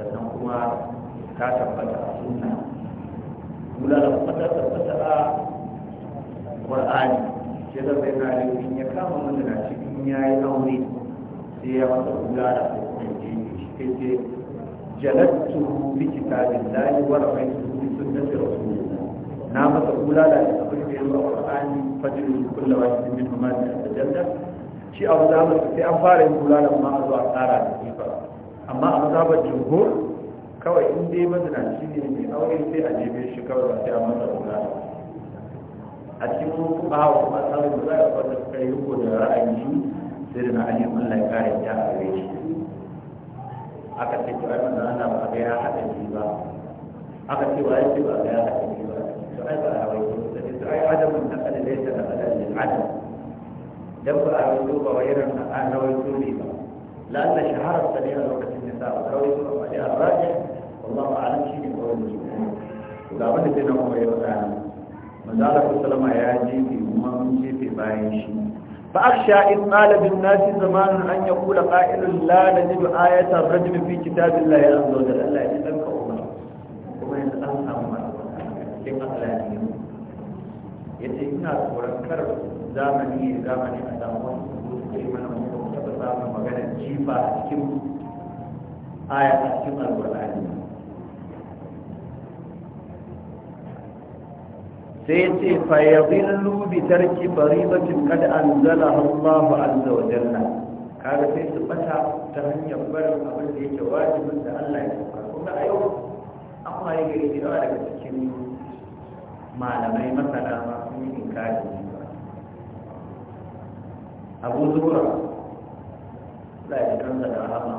sannan kuma ta tabbata a sunna kula da tabbata a qur'ani shi da sai na yi ya kama mana na cikin ya yi aure sai ya masa kula da hukunci shi ke ce jalattu bi kitabin lahi wa rafaitu bi sunnati rasulillah na masa kula da shi abin da ya zo a qur'ani fajrul kullu wahidin min huma tajalla shi abu da mu sai an fara yin kula da ma zuwa tsara da kifa amma a mazhabar jumhur kawai in dai mazina mazinaci ne mai aure sai a jebe shi kawai sai a masa kula da a cikin kuma wa kuma samun da za a suka yi yuko da ra'ayi sai da na ali Allah ya kare ta a gare shi aka ce cewa ai manzo ana ba ga ya haɗa shi ba aka ce wa ce ba ga ya haɗa shi ba to ai ba a hawa ko sai to ai adamun da kada da yake da adalin adam dan ba a yi ba wai ran an rawaito ne ba la'anna shahara ta ne a lokacin da sa rawaito ba ya rajin wallahu a'lam shi ne kawai ga wanda sai na kuma ya faɗa manzala salama ya jefe kuma mun jefe bayan shi fa akhsha in talabin nasi zamanin an yaqula qa'ilun la najidu ayatan rajul fi kitabillahi azza wa jalla Allah ya danka umma kuma ya dan samu cikin Allah ya ce ina tsoron kar zamani zamani a zaman sai mana mun samun magana jifa a cikin aya a cikin alqur'ani sai ce fa yadhillu bi tarki kada an zala Allahu azza wa jalla kada sai su bata ta hanyar barin abin da yake wajibin da Allah ya saka kuma a yau an waye gari da daga cikin malamai masana ma sun yi ba. abu zuwa za a yi kansa da rahama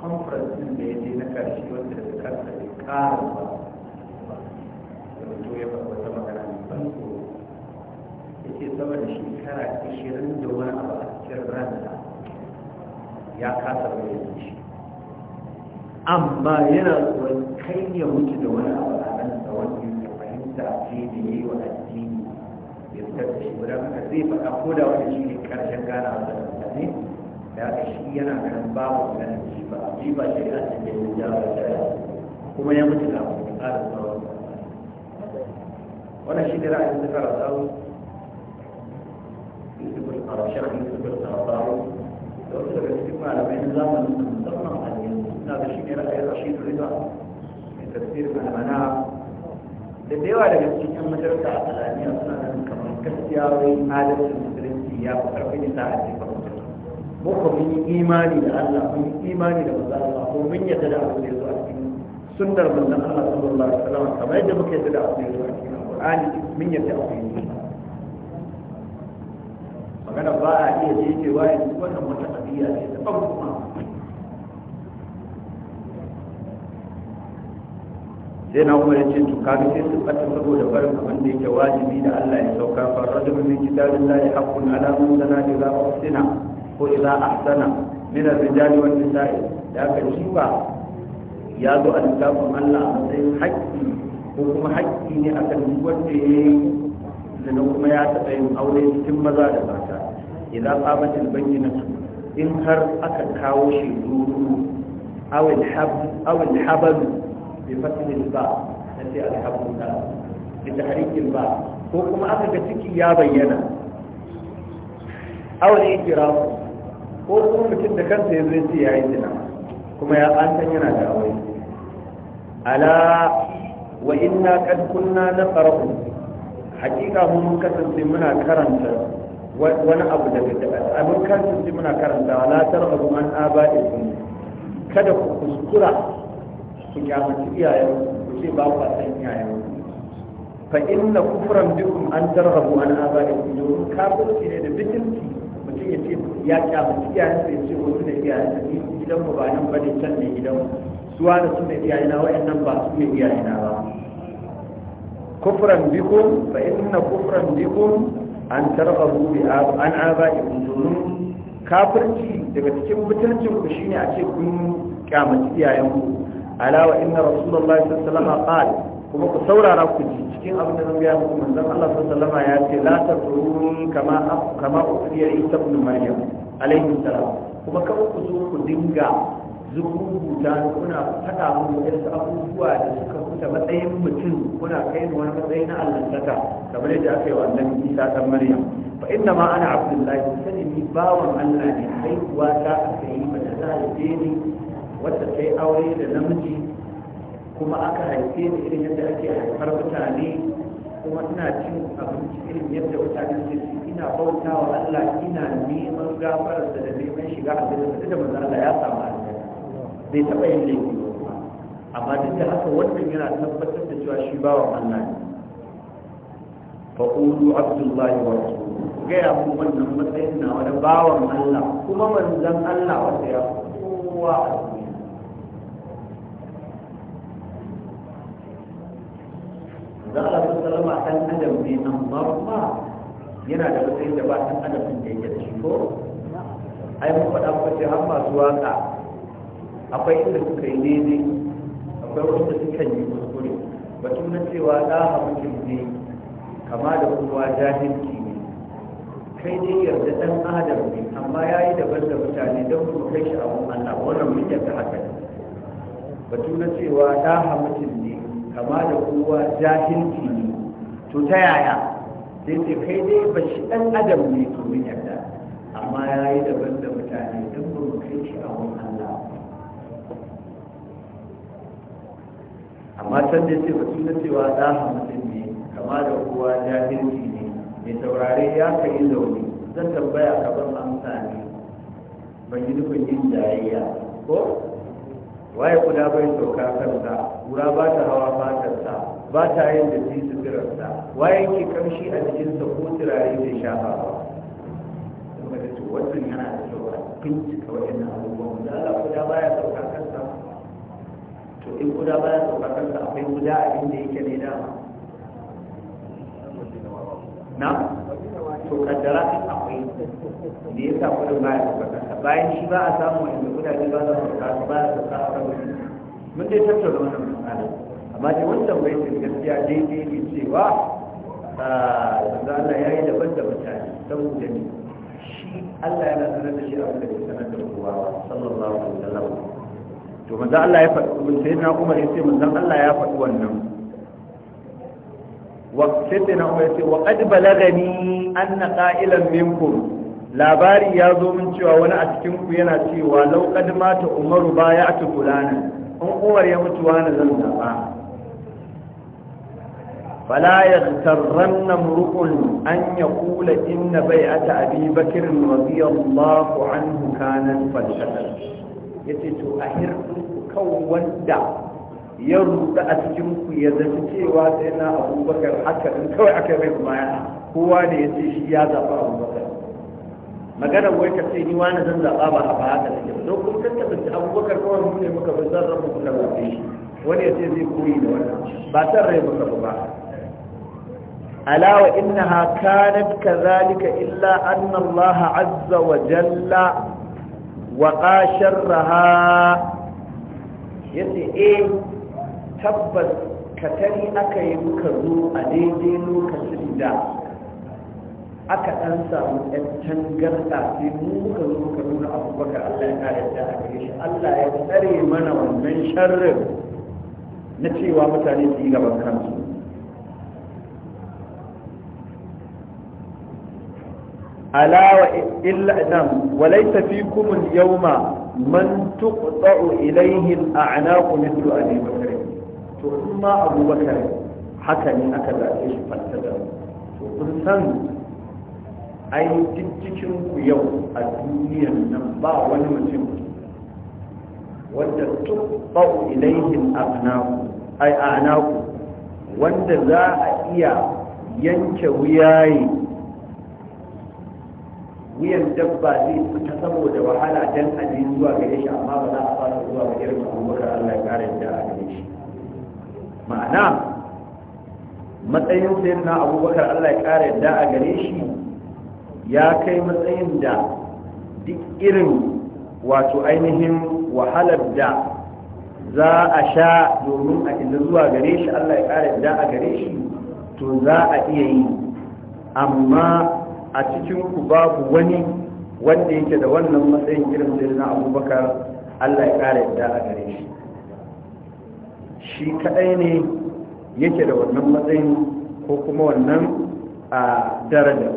conference din da ya je na karshe wanda da karsa ya ƙara ba shekara ishirin da wani abu a cikin ranta ya kasa da bayyana shi amma yana tsoron kai ya mutu da wani abu a da wani ya fahimta ce da ya yi wa addini ya fitar da shi guda haka zai faɗa ko da wani shi ne ƙarshen gana a wani mutane da haka shi yana ganin babu ganin shi ba a ji ba shi a cikin ya jawo da kuma ya mutu da abu da ƙarin tsawon wannan shi ne ra'ayin da ƙara tsawon a shafin suka tsararrawa da wasu daga cikin malamai na zamanin musamman a yanzu na da shi ne ra'ayin rashid riba mai tafsirin almana da da yawa daga cikin yan madarasa a talaniya suna ganin kamar gaskiya wai adalcin musulunci ya fi karfin da a cikin mu ko mun yi imani da Allah mun yi imani da manzon Allah ko mun yadda da abin da ya zo a cikin sunnar manzon Allah sallallahu alaihi wasallam kamar yadda muke yadda da abin da ya zo a cikin Qur'ani mun yadda a cikin magana ba a iya jefewa ya duk wannan wata tabiya ce ta ban kuma sai na umar ya ce to kaga sai su ɓata saboda barin abin da yake wajibi da Allah ya sauka fa rajul min kitabillahi haqqun ala man sana idza ahsana ko idza ahsana min ar-rijali wan nisa'i da aka jiwa ya zo a littafin Allah a matsayin haƙƙi ko kuma haƙƙi ne akan duk wanda ya yi da kuma ya taɓa yin aure cikin maza da ba idan qabatil bayyinatu in har aka kawo shi duru aw al-hab aw al-habal bi fath al-ba sai al-habal bi tahrik al-ba ko kuma aka ga ciki ya bayyana aw al-ikram ko kuma mutum da kansa ya zai ce ya yi zina kuma ya an san yana da aure ala wa inna kad kunna naqra'u hakika mun kasance muna karanta wani abu da daga abin kansu ji muna karantawa la tarhabu an abaikum kada ku kuskura ku kyamaci iyayen ku ce ba ku san iyayen fa inna kufran bikum an tarhabu an abaikum domin kafirci ne da bitinci mutum ya ce ya kyamaci iyayen sai ya ce wasu da iyayen sa ni gidan mu ba nan bane can ne gidan su wa da iyayen na wayannan ba su ne na ba kufran bikum fa inna kufran bikum an tarbabu bi an abaikum domin kafirci daga cikin mutuncin ku shine a ce kun kyamaci iyayen ku ala wa inna rasulullahi sallallahu alaihi wasallam qala kuma ku saurara ku ji cikin abin da zan gaya muku manzon Allah sallallahu alaihi wasallam ya ce la tafurun kama kama ukhriya isa ibn maryam alaihi salam kuma kawai ku zo ku dinga zubuta kuna faɗa muku wasu abubuwa ta matsayin mutum kuna kai wani matsayi na allantaka kamar yadda aka yi wa annabi isa dan maryam fa inna ma ana abdullahi sani ni bawan allah ne haihuwa ta aka yi mace ta haife ni wacce ta yi aure da namiji kuma aka haife ni irin yadda ake haifar mutane kuma ina cin abinci irin yadda mutane suke ci ina bauta wa allah ina neman gafararsa da neman shiga a da da manzo allah ya samu aljanna zai taɓa yin laifi ba amma duk da haka wannan yana tabbatar da cewa shi bawan Allah ne fa qulu abdullahi wa rasuluhu ga ya mu wannan matsayin na wani bawan Allah kuma manzan Allah wanda ya kowa a duniya da Allah sallama dan adam ne amma ba yana da matsayin da ba san adam da yake da shi ko ai mu faɗa ku ce har masu waka akwai inda suka yi daidai akwai wanda sukan yi kuskure batun na cewa da hamdin ne kama da kowa jahilci ne kai ne yarda dan adam ne amma ya yi daban da mutane don kuma kai shi abun allah wannan mun yarda haka ne batun na cewa da hamdin ne kama da kowa jahilci ne to ta yaya sai ce kai ne ba shi dan adam ne to mun yarda amma ya yi daban da amma can da ce batu na cewa da hamsin ne kama da kowa jahilci ne mai saurare ya ka yi zaune zan tambaya ka ban amsa ne ban yi nufin yin jayayya ko waye kuda bai sauka kansa kura ba ta hawa fatarsa ba ta yin da ji suturarsa waye ke kamshi a jikinsa ko turare da shafa ba kuma da to wannan yana da kyau a bincika wajen abubuwan da Allah kuda baya sauka kansa to in guda baya sauka da akwai guda a inda yake ne dama na to kaddara in akwai da ya sa kudin baya sauka kansa bayan shi ba a samu guda ne ba za su sauka ba ya sauka a kan mun dai tattauna wannan misali amma dai wannan bai gaskiya daidai ne cewa zana ya yi daban da mutane saboda ne shi Allah yana sanar da shi abin da bai sanar da kowa sallallahu alaihi sallam to manzo Allah ya faɗi na Umar ya ce manzo Allah ya faɗi wannan wa sayyidina Umar ya ce wa qad balagani anna qa'ilan minkum labari ya zo min cewa wani a cikin ku yana cewa law qad mata Umaru baya atu fulana in Umar ya mutu wani zan zaba فلا يغترن امرؤ أن يقول إن بيعة أبي بكر رضي الله عنه كانت فلسفة ya ce to a hirɗin kan wanda ya ruɗa a cikin ku ya zaci cewa sai na abubakar haka in kawai aka mai baya kowa ne ya ce shi ya zaɓa abubakar magana wai ka ce ni wani zan zaɓa ba a ba haka da kyau don kuma kan kasance abubakar kawai mu ne muka bai zan rabu kula wa shi wani ya ce zai koyi da wannan ba san rai muka ba alawa innaha kanat kazalika illa anna allaha azza wa jalla wa ƙasharraha ya e tabbas katari aka yi muka zo a daidai lokacin da aka ɗan samu ɗan tangarɗa sai muka zo ka nuna abubakar allah ya kare da a shi allah ya tsare mana wannan sharrin na cewa mutane su yi gaban kansu ala illa nan walaysa fikum al-yawma man tuqta'u ilayhi al-a'naqu mithlu abi bakr to amma abu bakr haka ne aka zaɓe shi fassara to kun san ai cikin ku yau a nan ba wani mutum wanda tuqta'u ilayhi al ai a'naqu wanda za a iya yanke wuyaye wuyan dabba zai fita saboda wahala don aji zuwa gare shi amma ba za a fara zuwa ga irin abubakar Allah ya kare da a gare shi ma'ana matsayin na abubakar Allah ya kare da a gare shi ya kai matsayin da duk irin wato ainihin wahalar da za a sha domin a inda zuwa gare shi Allah ya kare da a gare shi to za a iya yi amma a cikin ku babu wani wanda yake da wannan matsayin irin sayyidina abubakar Allah ya kara yadda a gare shi shi kadai ne yake da wannan matsayin ko kuma wannan a daraja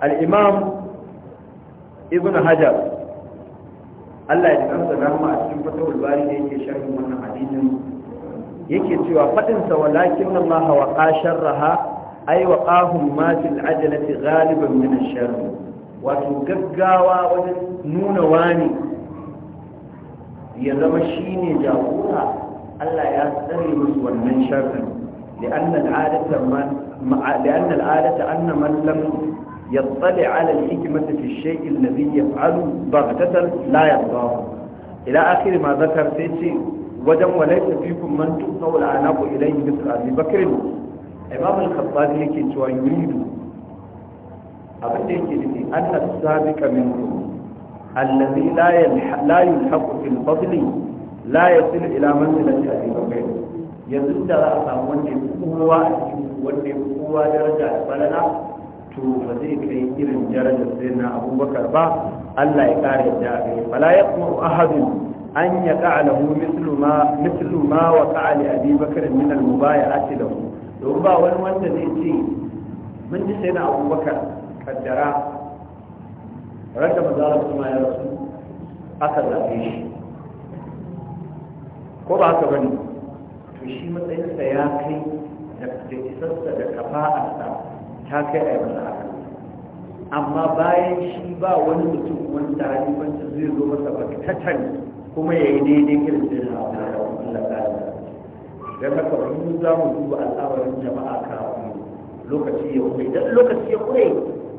al-imam ibn hajar Allah ya kansa rahama a cikin fatawul bari da yake sharhin wannan hadisin yake cewa fadin sa walakin Allah wa qasharraha ai wa qahum ma fil ajalati ghaliban min ash-sharr wato gaggawa wajen nuna wani ya zama shine jagora Allah ya tsare musu wannan sharrin لأن العادة من لأن العادة أن من لم يطلع على الحكمة في الشيء الذي يفعله بغتة لا يرضاه إلى آخر ما ذكر سيتي ودم وليس فيكم من تؤتوا العناب إليه مثل أبي بكر imam al-khattabi yake cewa yuridu abin da yake nufi anna sabiqa minkum alladhi la yalhaq la yulhaq fil fadli la yasil ila manzilati abi bakr yanzu da za a samu wanda ya kowa a cikin wanda ya kowa daraja da falala to ba zai kai irin darajar sai na abubakar ba Allah ya kare da gare fala yaqmu ahadun an ya lahu mithlu ma mithlu ma waqa li abi bakr min al-mubay'ati lahu domin ba wani wanda zai ce mun ji sai na abubakar kaddara raka mazalar kuma ya rasu aka zafe shi ko ba haka bane to shi matsayinsa ya kai da isarsa da kafa a sa ta kai a yi masa haka amma bayan shi ba wani mutum wanda wancan zai zo masa bakatatan kuma ya yi daidai irin da na abu da Allah don haka mun za mu duba al'amarin jama'a kafin lokaci ya kure idan lokaci ya kure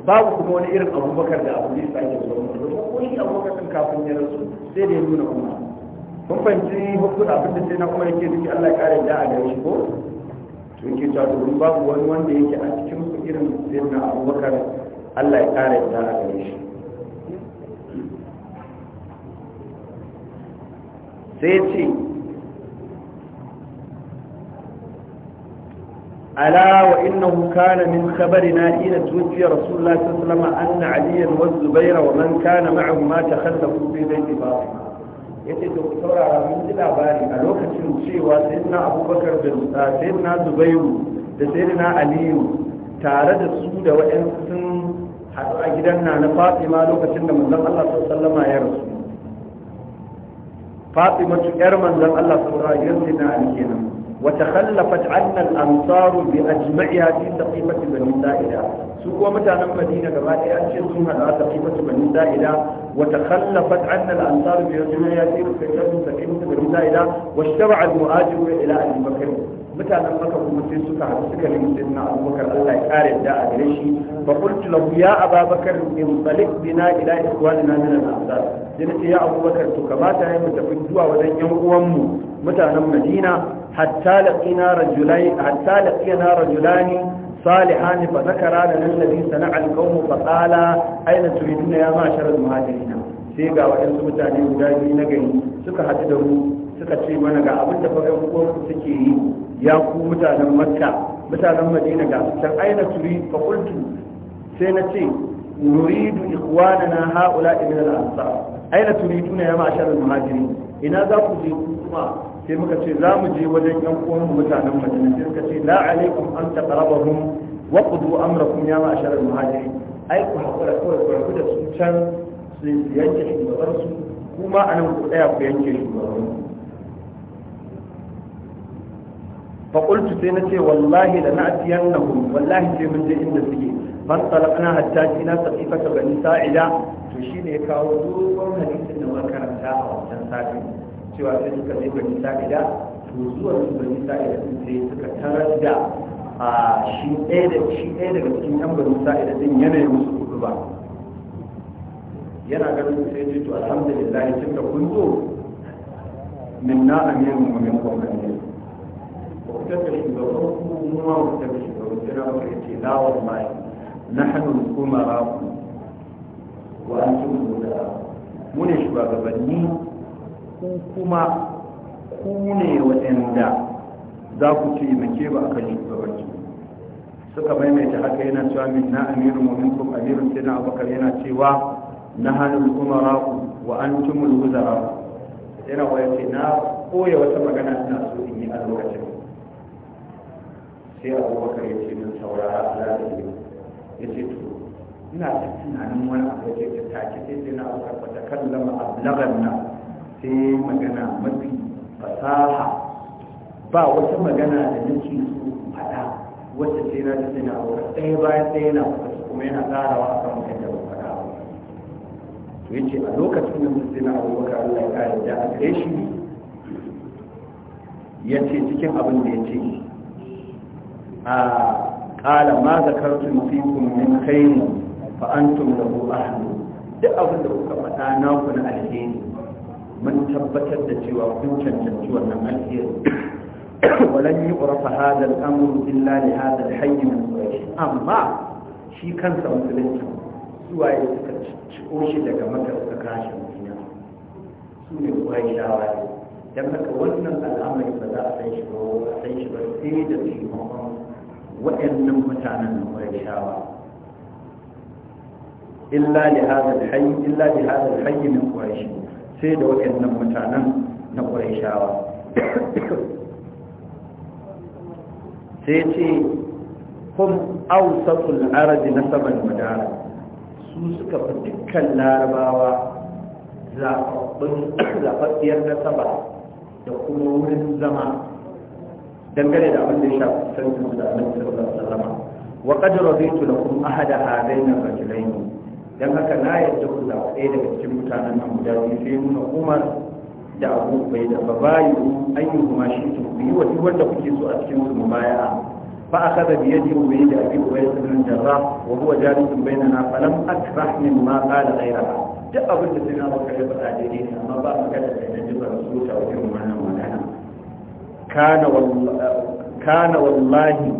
babu kuma wani irin abubakar da abu ne sake zuwa mu don kuri abubakar din kafin ya rasu sai da ya nuna kuma kun fahimci hukun abin da sai na kuma yake duki Allah ya kare da a gare shi ko to yake cewa domin babu wani wanda yake a cikin su irin sai na abubakar Allah ya kare da a gare shi sai ce ألا وإنه كان من خبرنا حين توفي رسول الله صلى الله عليه وسلم أن عليا والزبير ومن كان معهما تخلفوا في بيت فاطمة yace to ku saurara mun ji labari a lokacin cewa sayyidina Abubakar da sayyidina Zubairu da sayyidina Aliyu tare da su da waɗansu sun haɗu a gidan na na Fatima lokacin da manzon Allah sallallahu alaihi ya rasu Fatima tu yar manzan Allah sallallahu alaihi وتخلفت عنا الأنصار بأجمعها في تقيمة بني سائلة سوى متى مدينة كما أنشئ سنها تقيمة بني سائلة وتخلفت عنا الأنصار في يوم ياتي وكتبوا سكينة بن زائدة واشترع المهاجر إلى أبي بكر متى أن مكة مسلم سكة سكة لسيدنا أبو بكر الله يكارم داء إليه فقلت له يا أبا بكر انطلق بنا إلى إخواننا من الأنصار جنت يا أبو بكر تكبات هي متفجوا وذن يوم متى أن مدينة حتى لقينا رجلين حتى لقينا رجلان صالحان فذكر لنا الذي صنع القوم فقال أين تريدون يا معشر المهاجرين sai ga waɗansu mutane guda biyu na gani suka haɗu da mu suka ce mana ga abin da fagen ku suke yi ya ku mutanen makka mutanen madina ga su can aina turi fa sai na ce nuridu na haula ibn al-ansar aina turiduna ya ma'shar al-muhajirin ina za ku je ku kuma sai muka ce za mu je wajen yan uwan mutanen madina sai muka ce la alaikum an taqrabahum wa qudu amrakum ya ma'ashar al-muhajirin ai ku hakura kawai ku da su can su yanke shugaban su kuma anan ku tsaya ku yanke shugaban fa qultu sai nace wallahi la na'tiyannahum wallahi sai mun je inda suke fan talaqna hatta jina saqifata bani sa'ida to shine ya kawo dogon hadisin da muka karanta a wancan satin cewa sai suka je bani sa'ida to zuwa su bani sa'ida sun sai suka tarar da shi ɗaya da shi ɗaya daga cikin yan bani sa'ida din yanayin musu kudu ba yana ganin sai ce to alhamdulillah tun da kun zo min na amirin mu min kuma ne ba ku tafi shugaban ku mu ma ku tafi shugaban kira ba ya ce la wallahi nahnu kumara ku wa antum mu ne shugabanni ku kuma ku ne waɗanda za ku ci mace ba akan shugabanci suka maimaita haka yana cewa min na amirun mu minkum amirun sai na abubakar yana cewa na hannun umara wa an tumul wuzara yana waya ce na koya wata magana suna so in yi a lokacin sai abubakar ya ce min saurara ala ya ce to ina ta tunanin wani abu ya ce ta take sai na abubakar ta kallama ablagan na sai magana mafi fasaha ba wata magana da nake su faɗa wata sai na ji na wata ɗaya bayan ɗaya na wasu kuma yana tsarawa a kan kan da ba faɗa ba to yace a lokacin da mutum na abubakar Allah ya kare da a gare shi yace cikin abin da yace a qala ma zakartum fikum min ne fa antum lahu ahlu duk abin da kuka faɗa na ku na alheri من تبتت جوا كنتم جوا الأخير ولن يعرف هذا الأمر إلا لهذا الحي من قريش أما شي كان سأنتلتهم سواء تقوشي لك مكة تكاشا مدينة سوني قوي شاوالي دمك وزن الأمر فلا أعيش بو أعيش بو سيدة في مهم وإن نمتانا من قريش إلا لهذا الحي إلا لهذا الحي من قريش sai da waɗannan mutanen na ƙwarishawa sai ce kun ausatul arabi na saman madara su suka fi dukkan larabawa zafaffiyar nasaba da kuma wurin zama dangane da abin da ya shafi sarkin da annabi sallallahu alaihi wasallam wa qad da lakum ahada hadain ar ne. don haka na yadda ku zaɓa ɗaya daga cikin mutanen nan guda biyu sai nuna umar da abu bai da ba bayu an yi kuma shi su ku yi wa duk wanda kuke so a cikin su baya fa aka da biyar yi da abin ubai da sunan jarra wa huwa jalisun bai na na falam akrah min ma ƙala ghairaha duk abin da suna baka ya faɗa daidai ne amma ba a kada da na ji ba su ta wajen wannan magana kana wallahi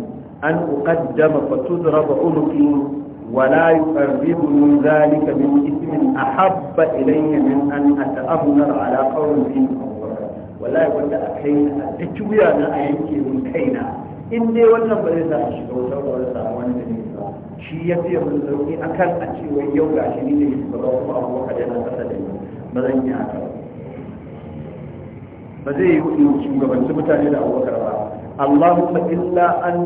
an uqaddama fa tudrabu unqi ولا يقربه ذلك من اسم أحب إلي من أن أتأمر على قول فيه ولا يقول لك كينا تجوي أنا أينكي من كينا in dai wannan ba zai sa shiga wutar ba zai samu wani ba shi ya fiye mun sauki a kan a ce wai yau ga shi ne da ba kuma abu ka yana kasa da ni ba zan yi haka ba zai yi hudu shugabanci mutane da abubakar ba Allahumma illa an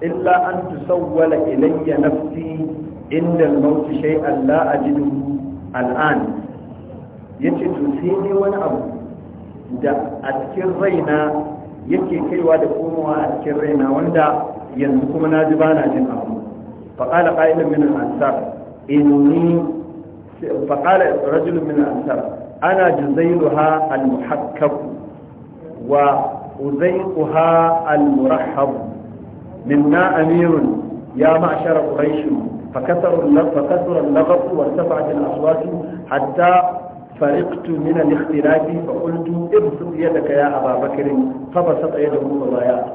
illa an tusawwala ilayya nafsi inda al-maut shay'an la ajidu al'an yace to sai dai wani abu da a cikin raina yake kaiwa da komowa a cikin raina wanda yanzu kuma na ji bana jin abu faqala qa'ilun min al-ansar inni faqala rajulun min al-ansar ana juzairuha al-muhakkab wa uzaiquha al-murahhab minna amirun ya ma'shara quraish فكثر فكثر اللغط وارتفعت الاصوات حتى فرقت من الاختلاف فقلت ابسط يدك يا ابا بكر فبسط يده وضيعته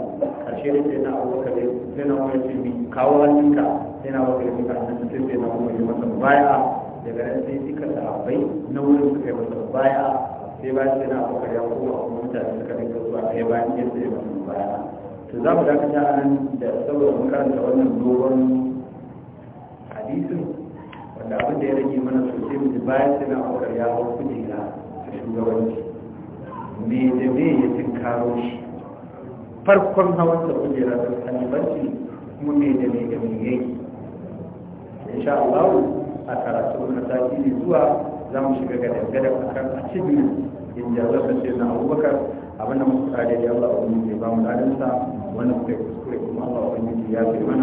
الشيء سيدنا ابو بكر سيدنا عمر يجي كاو هنيكا سيدنا ابو بكر يجي كان سيدنا عمر يجي مثلا بايع daga nan sai suka sahabbai na wurin suka yi masa baya sai bayan sai na abokan ya kuma mutane suka dinga zuwa kai bayan yadda ya masa baya to za mu dakata a nan da saboda mun karanta wannan dogon hadisin wanda abin da ya rage mana sosai mu bayan sai na aukar ya hau kuɗi ta shugabanci me da me ya karo shi farkon hawan da kujera da shugabanci kuma me da me da me yayi insha Allah a karatu na sati ne zuwa za mu shiga ga kan a achievement in jazabar ce na abubakar abin da muka kare da Allah abin da ya ba mu ladansa wannan kai kuskure kuma Allah wani ya ce mana